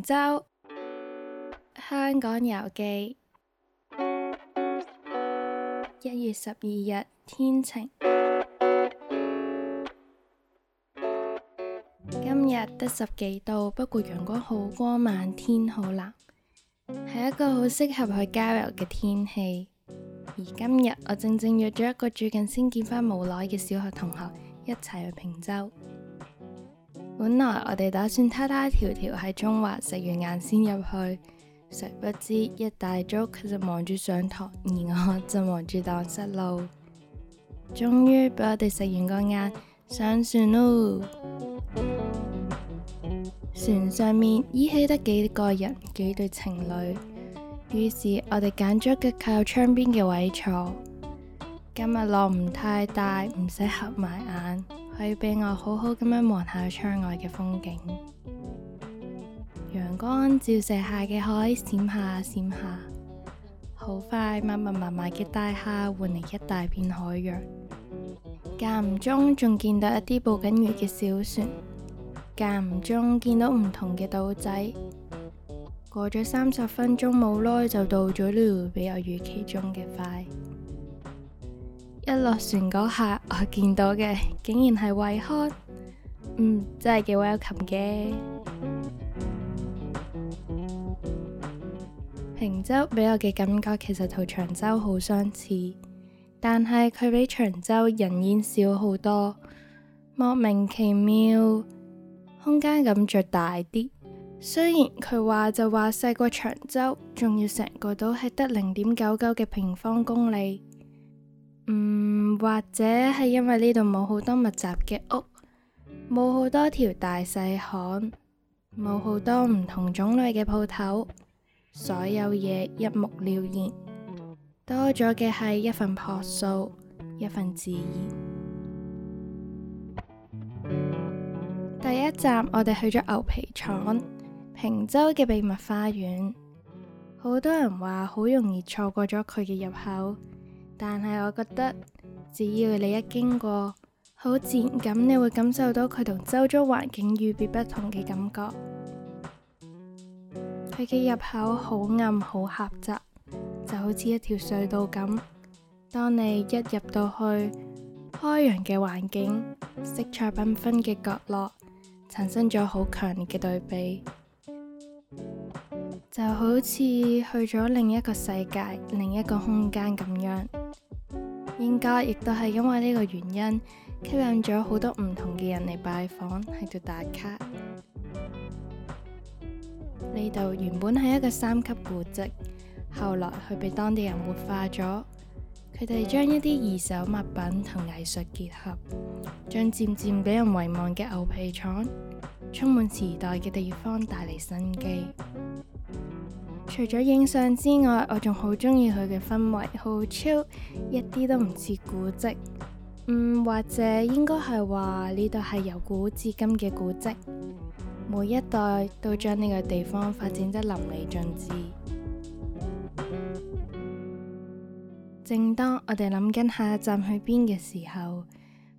平洲香港遊記，一月十二日，天晴。今日得十幾度，不過陽光好光，漫天好藍，係一個好適合去郊遊嘅天氣。而今日我正正約咗一個最近先見返無耐嘅小學同學，一齊去平洲。本來我哋打算偷偷條條喺中環食完晏先入去，誰不知一大早佢就忙住上堂，而我就忙住蕩失路。終於俾我哋食完個晏上船咯。 船上面依稀得幾個人幾對情侶，於是我哋揀咗個靠窗邊嘅位坐。今日浪唔太大，唔使合埋眼，可以俾我好好咁樣望下窗外嘅風景，陽光照射下嘅海閃下閃下，好快密密麻麻嘅大廈換嚟一大片海洋，間唔中仲見到一啲捕緊魚嘅小船，間唔中見到唔同嘅島仔。過咗三十分鐘冇耐就到咗，呢比較預期中嘅快。一落船嗰下，我見到嘅竟然係惠康，嗯，真係幾 welcome 嘅。平洲俾我嘅感覺其實同長洲好相似，但係佢比長洲人煙少好多，莫名其妙空間感着大啲。雖然佢話就話細過長洲，仲要成個島係得零點九九嘅平方公里。嗯，或者係因為呢度冇好多密集嘅屋，冇好多條大細巷，冇好多唔同種類嘅鋪頭，所有嘢一目了然，多咗嘅係一份樸素，一份自然。第一站，我哋去咗牛皮廠，坪洲嘅秘密花園，好多人話好容易錯過咗佢嘅入口。但係我覺得，只要你一經過，好自然咁，你會感受到佢同周遭環境與別不同嘅感覺。佢嘅入口好暗好狹窄，就好似一條隧道咁。當你一入到去，開揚嘅環境、色彩繽紛嘅角落，產生咗好強烈嘅對比，就好似去咗另一個世界、另一個空間咁樣。應該亦都係因為呢個原因，吸引咗好多唔同嘅人嚟拜訪，喺度打卡。呢度原本係一個三級古蹟，後來佢被當地人活化咗。佢哋將一啲二手物品同藝術結合，將漸漸俾人遺忘嘅牛皮廠，充滿時代嘅地方帶嚟新機。除咗影相之外，我仲好中意佢嘅氛圍，好 chill，一啲都唔似古蹟。嗯，或者應該係話呢度係由古至今嘅古蹟，每一代都將呢個地方發展得淋漓盡致。正當我哋諗緊下一站去邊嘅時候，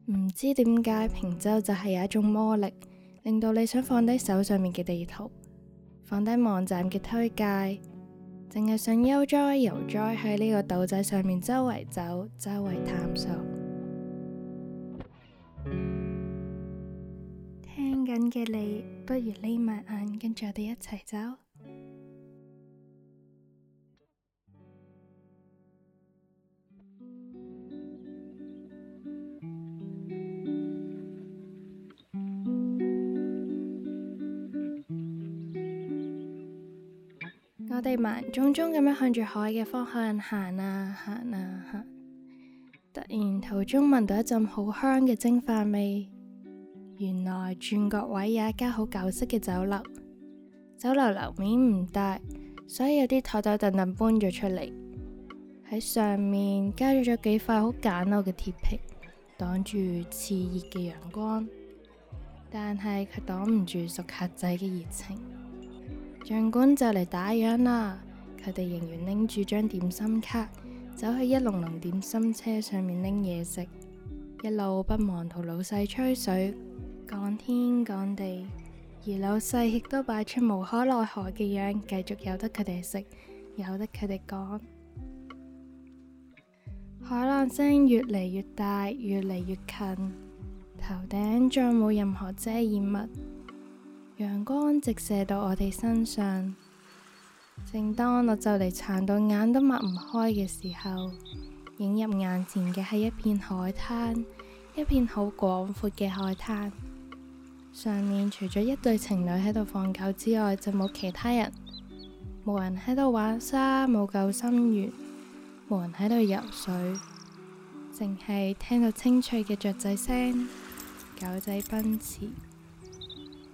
唔知點解平洲就係有一種魔力，令到你想放低手上面嘅地圖。放低網站嘅推介，淨係想悠哉悠哉喺呢個島仔上面周圍走、周圍探索。聽緊嘅你，不如眯埋眼跟著我哋一齊走。我哋慢匆匆咁樣向住海嘅方向行啊行啊行，突然途中聞到一陣好香嘅蒸飯味，原來轉角位有一間好舊式嘅酒樓。酒樓樓面唔大，所以有啲台台凳凳搬咗出嚟，喺上面加咗幾塊好簡陋嘅鐵皮，擋住熾熱嘅陽光，但係佢擋唔住熟客仔嘅熱情。儘管就嚟打烊啦，佢哋仍然拎住張點心卡，走去一籠籠點心車上面拎嘢食，一路不忘同老細吹水，講天講地，而老細亦都擺出無可奈何嘅樣，繼續由得佢哋食，由得佢哋講。海浪聲越嚟越大，越嚟越近，頭頂再冇任何遮掩物。陽光直射到我哋身上，正當我就嚟殘到眼都擘唔開嘅時候，映入眼前嘅係一片海灘，一片好廣闊嘅海灘。上面除咗一對情侶喺度放狗之外，就冇其他人，冇人喺度玩沙，冇救生員，冇人喺度游水，淨係聽到清脆嘅雀仔聲、狗仔奔馳。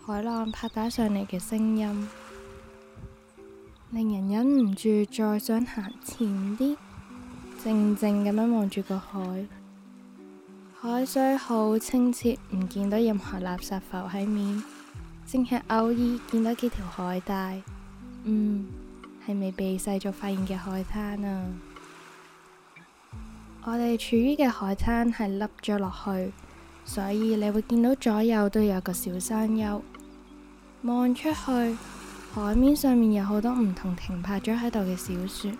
海浪拍打上嚟嘅聲音，令人忍唔住再想行前啲，靜靜咁樣望住個海。海水好清澈，唔見到任何垃圾浮喺面，淨係偶爾見到幾條海帶。嗯，係未被世俗發現嘅海灘啊！我哋處於嘅海灘係凹咗落去，所以你會見到左右都有個小山丘。望出去，海面上面有好多唔同停泊咗喺度嘅小船。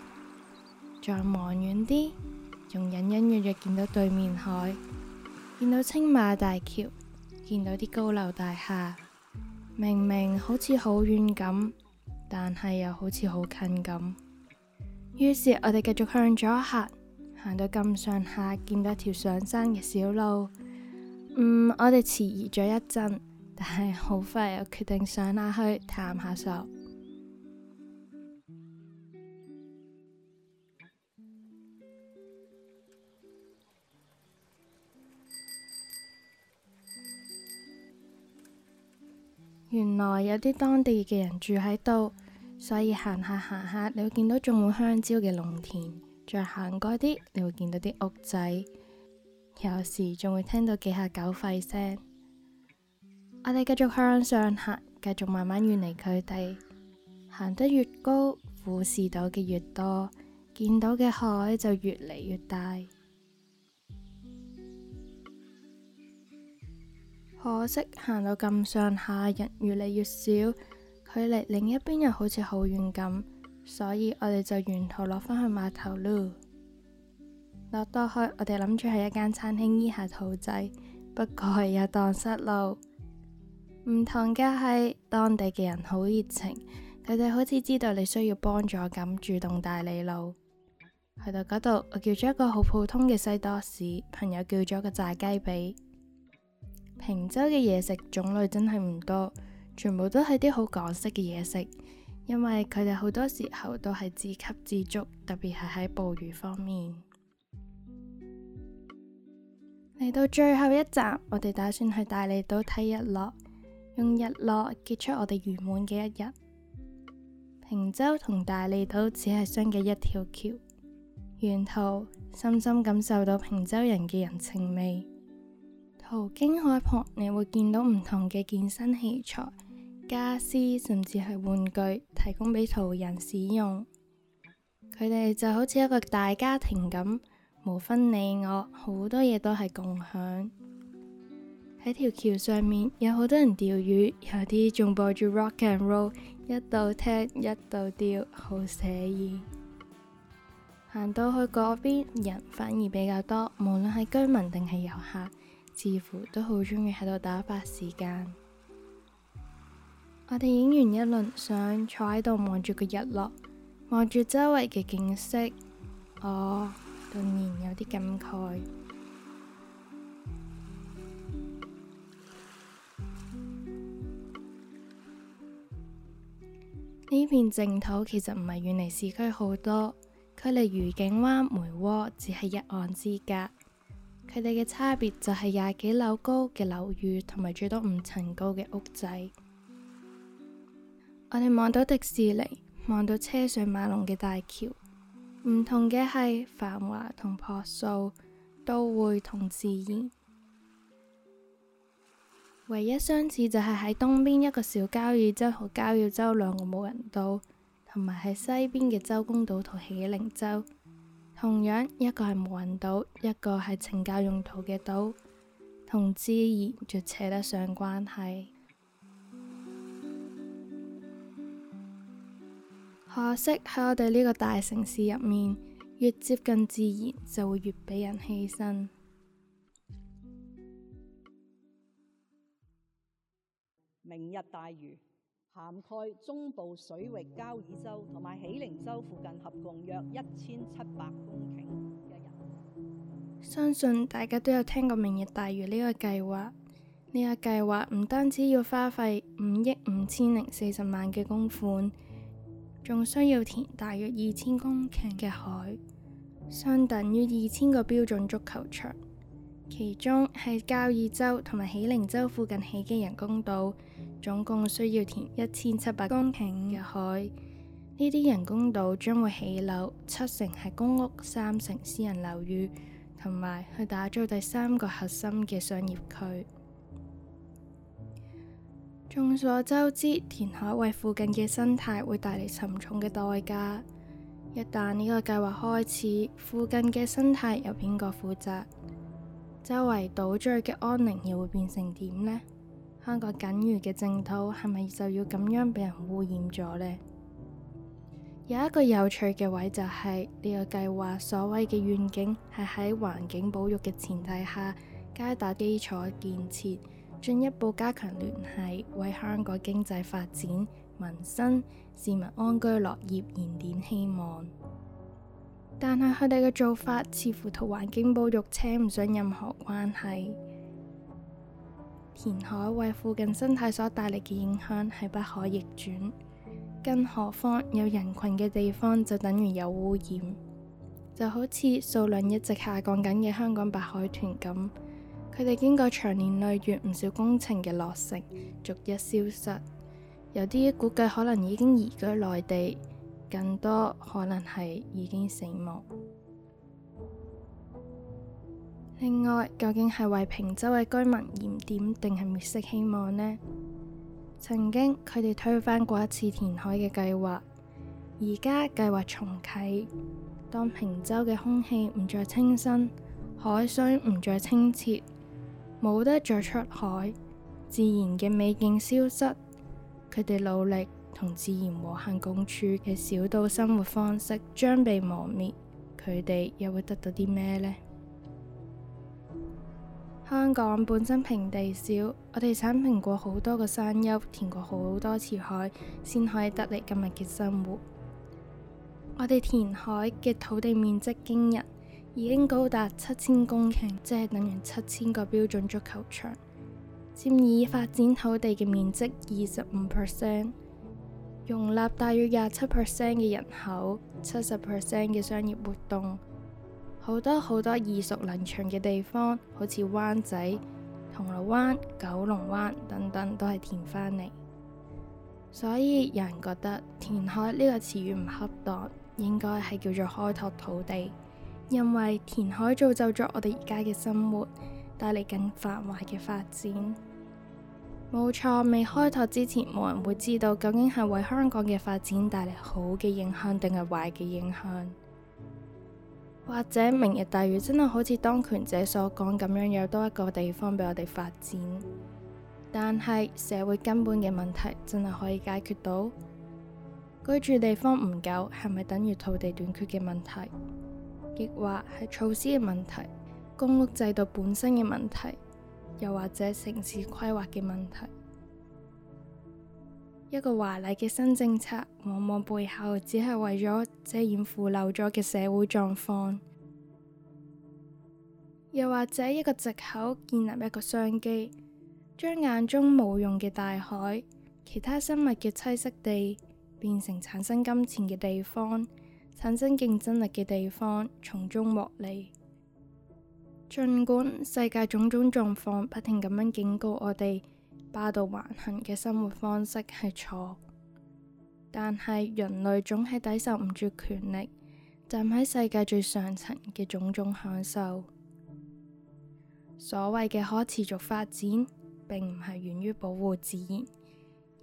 再望遠啲，仲隱隱約約見到對面海，見到青馬大橋，見到啲高樓大廈。明明好似好遠咁，但係又好似好近咁。於是我哋繼續向左行，行到咁上下，見到一條上山嘅小路。嗯，我哋遲疑咗一陣。但係，好快我決定上下去探下索。 原來有啲當地嘅人住喺度，所以行下行下，你會見到種滿香蕉嘅農田；再行過啲，你會見到啲屋仔，有時仲會聽到幾下狗吠聲。我哋繼續向上行，繼續慢慢遠離佢哋。行得越高，俯視到嘅越多，見到嘅海就越嚟越大。可惜行到咁上下，人越嚟越少，距離另一邊又好似好遠咁，所以我哋就沿途落返去碼頭咯。落到去，我哋諗住喺一間餐廳醫下肚仔，不過又蕩失路。唔同嘅係，當地嘅人好熱情，佢哋好似知道你需要幫助咁，主動帶你路去到嗰度。我叫咗一個好普通嘅西多士，朋友叫咗個炸雞髀。平洲嘅嘢食種類真係唔多，全部都係啲好港式嘅嘢食，因為佢哋好多時候都係自給自足，特別係喺捕魚方面。嚟到最後一集，我哋打算去大利島睇日落。用日落結束我哋圓滿嘅一日。坪洲同大利島只係相隔一條橋。沿途深深感受到坪洲人嘅人情味。途經海旁，你會見到唔同嘅健身器材、家私甚至係玩具，提供俾途人使用。佢哋就好似一個大家庭咁，無分你我，好多嘢都係共享。喺條橋上面有好多人釣魚，有啲仲播住 rock and roll，一度聽一度釣，好寫意。行到去嗰邊，人反而比較多，無論係居民定係遊客，似乎都好中意喺度打發時間。我哋影完一輪相，坐喺度望住個日落，望住周圍嘅景色。我、哦、頓然有啲感慨。呢片淨土其實唔係遠離市區好多，距離愉景灣、梅窩只係一岸之隔。佢哋嘅差別就係廿幾樓高嘅樓宇，同埋最多五層高嘅屋仔。我哋望到迪士尼，望到車水馬龍嘅大橋，唔同嘅係繁華同樸素，都會同自然。唯一相似就係喺東邊一個小交椅洲同交椅洲兩個無人島，同埋喺西邊嘅周公島同喜靈洲，同樣一個係無人島，一個係懲教用途嘅島，同自然就扯得上關係。 可惜喺我哋呢個大城市入面，越接近自然就會越俾人犧牲。明日大嶼涵蓋中部水域、交椅洲同埋喜靈洲附近，合共約一千七百公頃。相信大家都有聽過明日大嶼呢個計劃。呢、這個計劃唔單止要花費五億五千零四十萬嘅公款，仲需要填大約二千公頃嘅海，相等於二千個標準足球場。其中係交椅洲同埋喜靈洲附近起嘅人工島。總共需要填一千七百公頃嘅海，呢啲人工島將會起樓，七成係公屋，三成私人樓宇，同埋去打造第三個核心嘅商業區。眾所周知，填海為附近嘅生態會帶嚟沉重嘅代價。一旦呢個計劃開始，附近嘅生態由邊個負責，周圍島嶼嘅安寧又會變成點呢？香港僅餘嘅淨土係咪就要咁樣俾人污染咗呢？有一個有趣嘅位就係呢個計劃所謂嘅願景係喺環境保育嘅前提下，加大基礎建設，進一步加強聯繫，為香港經濟發展、民生市民安居樂業燃點希望。但係佢哋嘅做法似乎同環境保育扯唔上任何關係。填海為附近生態所帶嚟嘅影響係不可逆轉，更何況有人群嘅地方就等於有污染，就好似數量一直下降緊嘅香港白海豚咁，佢哋經過長年累月唔少工程嘅落成，逐一消失，有啲估計可能已經移居內地，更多可能係已經死亡。另外，究竟係為坪洲嘅居民燃點，定係滅熄希望呢？曾經佢哋推翻過一次填海嘅計劃，而家計劃重啟。當坪洲嘅空氣唔再清新，海水唔再清澈，冇得再出海，自然嘅美景消失，佢哋努力同自然和諧共處嘅小島生活方式將被磨滅，佢哋又會得到啲咩呢？香港本身平地少，我哋鏟平過好多個山丘，填過好多次海，先可以得嚟今日嘅生活。我哋填海嘅土地面積，今日已經高達七千公頃，即係等於七千個標準足球場，佔已發展土地嘅面積二十五 percent，容納大約廿七 percent 嘅人口，七十 percent 嘅商業活動。好多好多耳熟能詳嘅地方，好似灣仔、銅鑼灣、九龍灣等等，都係填翻嚟。所以有人覺得填海呢個詞語唔恰當，應該係叫做開拓土地，因為填海造就咗我哋而家嘅生活，帶嚟更繁華嘅發展。冇錯，未開拓之前，冇人會知道究竟係為香港嘅發展帶嚟好嘅影響，定係壞嘅影響。或者明日大嶼真係好似當權者所講咁樣，有多一個地方俾我哋發展，但係社會根本嘅問題真係可以解決到？居住地方唔夠係咪等於土地短缺嘅問題？亦或係措施嘅問題、公屋制度本身嘅問題，又或者城市規劃嘅問題？一個華麗嘅新政策，往往背後只係為咗遮掩腐朽咗嘅社會狀況，又或者一個藉口建立一個商機，將眼中冇用嘅大海、其他生物嘅棲息地，變成產生金錢嘅地方、產生競爭力嘅地方，從中獲利。盡管世界種種狀況不停咁樣警告我哋。霸道橫行嘅生活方式係錯，但係人類總係抵受唔住權力，站喺世界最上層嘅種種享受。所謂嘅可持續發展，並唔係源於保護自然，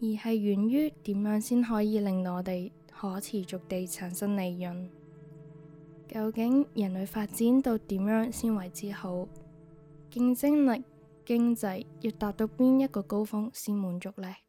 而係源於點樣先可以令我哋可持續地產生利潤。究竟人類發展到點樣先為之好？競爭力？經濟要達到邊一個高峰先滿足咧？